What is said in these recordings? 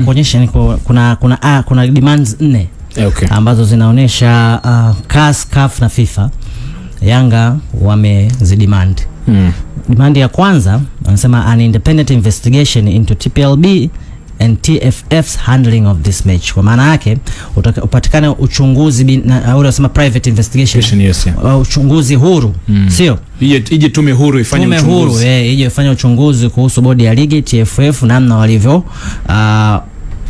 Mm. kuonyesha ni kuna, kuna, ah, kuna demands nne eh, okay. ambazo zinaonyesha uh, CAS, CAF na FIFA Yanga wamezidemand mm. Demand ya kwanza wanasema an independent investigation into TPLB and TFF's handling of this match. Kwa maana yake upatikane uchunguzi au unasema private investigation, yes, yeah. Uh, Uchunguzi huru mm. Sio ije ije tume huru ifanye tume uchunguzi, tume huru eh, ije ifanye uchunguzi kuhusu bodi ya ligi TFF, namna walivyo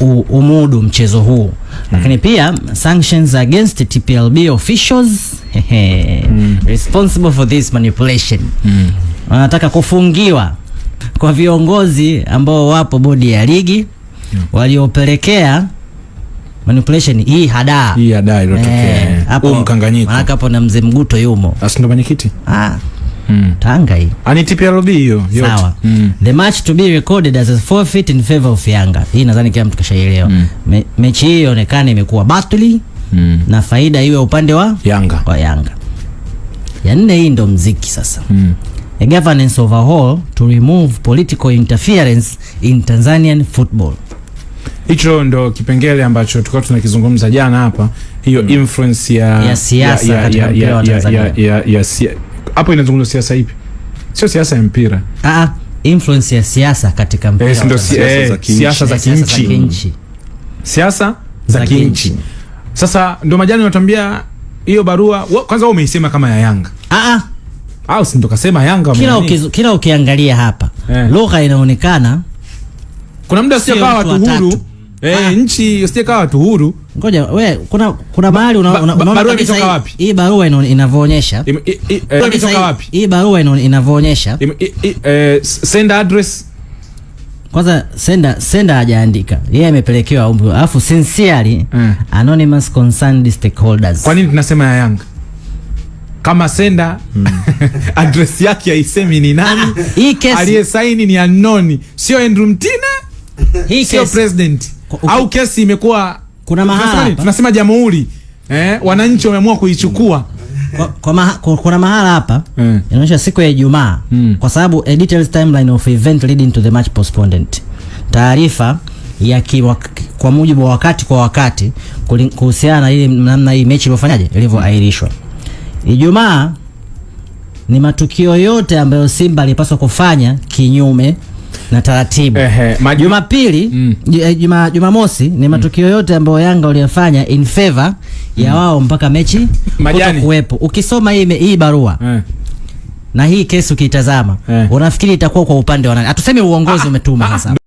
uh, umudu mchezo huu mm. lakini mm. pia sanctions against TPLB officials mm. responsible for this manipulation mm. wanataka mm. kufungiwa kwa viongozi ambao wapo bodi ya ligi Hmm. waliopelekea manipulation hii hada hii hada iliyotokea eh, hapo mkanganyiko, maana hapo na mzee Mguto yumo, asindo ah, ndo mwenyekiti ah Mm. Tanga hii. Ani ah, TPLB hiyo yote. Sawa. Mm. The match to be recorded as a forfeit in favor of Yanga. Hii nadhani kila mtu kashaelewa. Mm. Me, mechi hiyo ionekane imekuwa battle mm. na faida iwe upande wa Yanga. Wa Yanga. Ya nne hii ndo mziki sasa. Mm. A governance overhaul to remove political interference in Tanzanian football hicho ndo kipengele ambacho tulikuwa tunakizungumza jana hapa, hiyo mm. influence ya ya siasa katika mpira wa Tanzania. Ya ya hapo inazungumza siasa ipi? Sio siasa ya mpira. Ah, ah influence ya siasa katika eh, mpira. Eh, ndio siasa za kinchi. Siasa za kinchi. Sasa ndo majani natambia hiyo barua kwanza, wewe umeisema kama ya Yanga. Ah ah. Au si ndo kasema Yanga kila ukizu, kila ukiangalia hapa eh, lugha inaonekana kuna muda sio kwa watu huru Eh, ah. nchi usije kawa watu huru. Ngoja wewe kuna kuna mahali una, una, unaona barua imetoka wapi? Hii barua inavyoonyesha. Barua eh, imetoka wapi? Hii barua inavyoonyesha. Eh, send address. Kwanza sender sender hajaandika. Yeye yeah, amepelekewa umbu. Alafu sincerely mm. anonymous concerned stakeholders. Kwa nini tunasema ya Yanga? Kama senda mm. address yake haisemi ni nani? Hii kesi aliyesaini ni anoni, sio Andrew Mtina. Hii kesi sio president au kesi imekuwa kuna mahala tunasema jamhuri eh, wananchi wameamua kuichukua kwa, kwa maha, kuna mahala hapa mm. inaonyesha siku ya Ijumaa mm. kwa sababu a details timeline of event leading to the match postponed, taarifa ya kwa mujibu wa wakati kwa wakati kuhusiana na ile namna hii mechi iliyofanyaje ilivyoahirishwa. Ijumaa ni matukio yote ambayo Simba alipaswa kufanya kinyume na taratibu. Jumapili mm. Eh, juma, Jumamosi ni mm. matukio yote ambayo Yanga waliyafanya in favor mm. ya wao mpaka mechi majani kuwepo. Ukisoma hii hii barua eh. na hii kesi ukiitazama eh. unafikiri itakuwa kwa upande wa nani? Hatusemi uongozi umetuma sasa.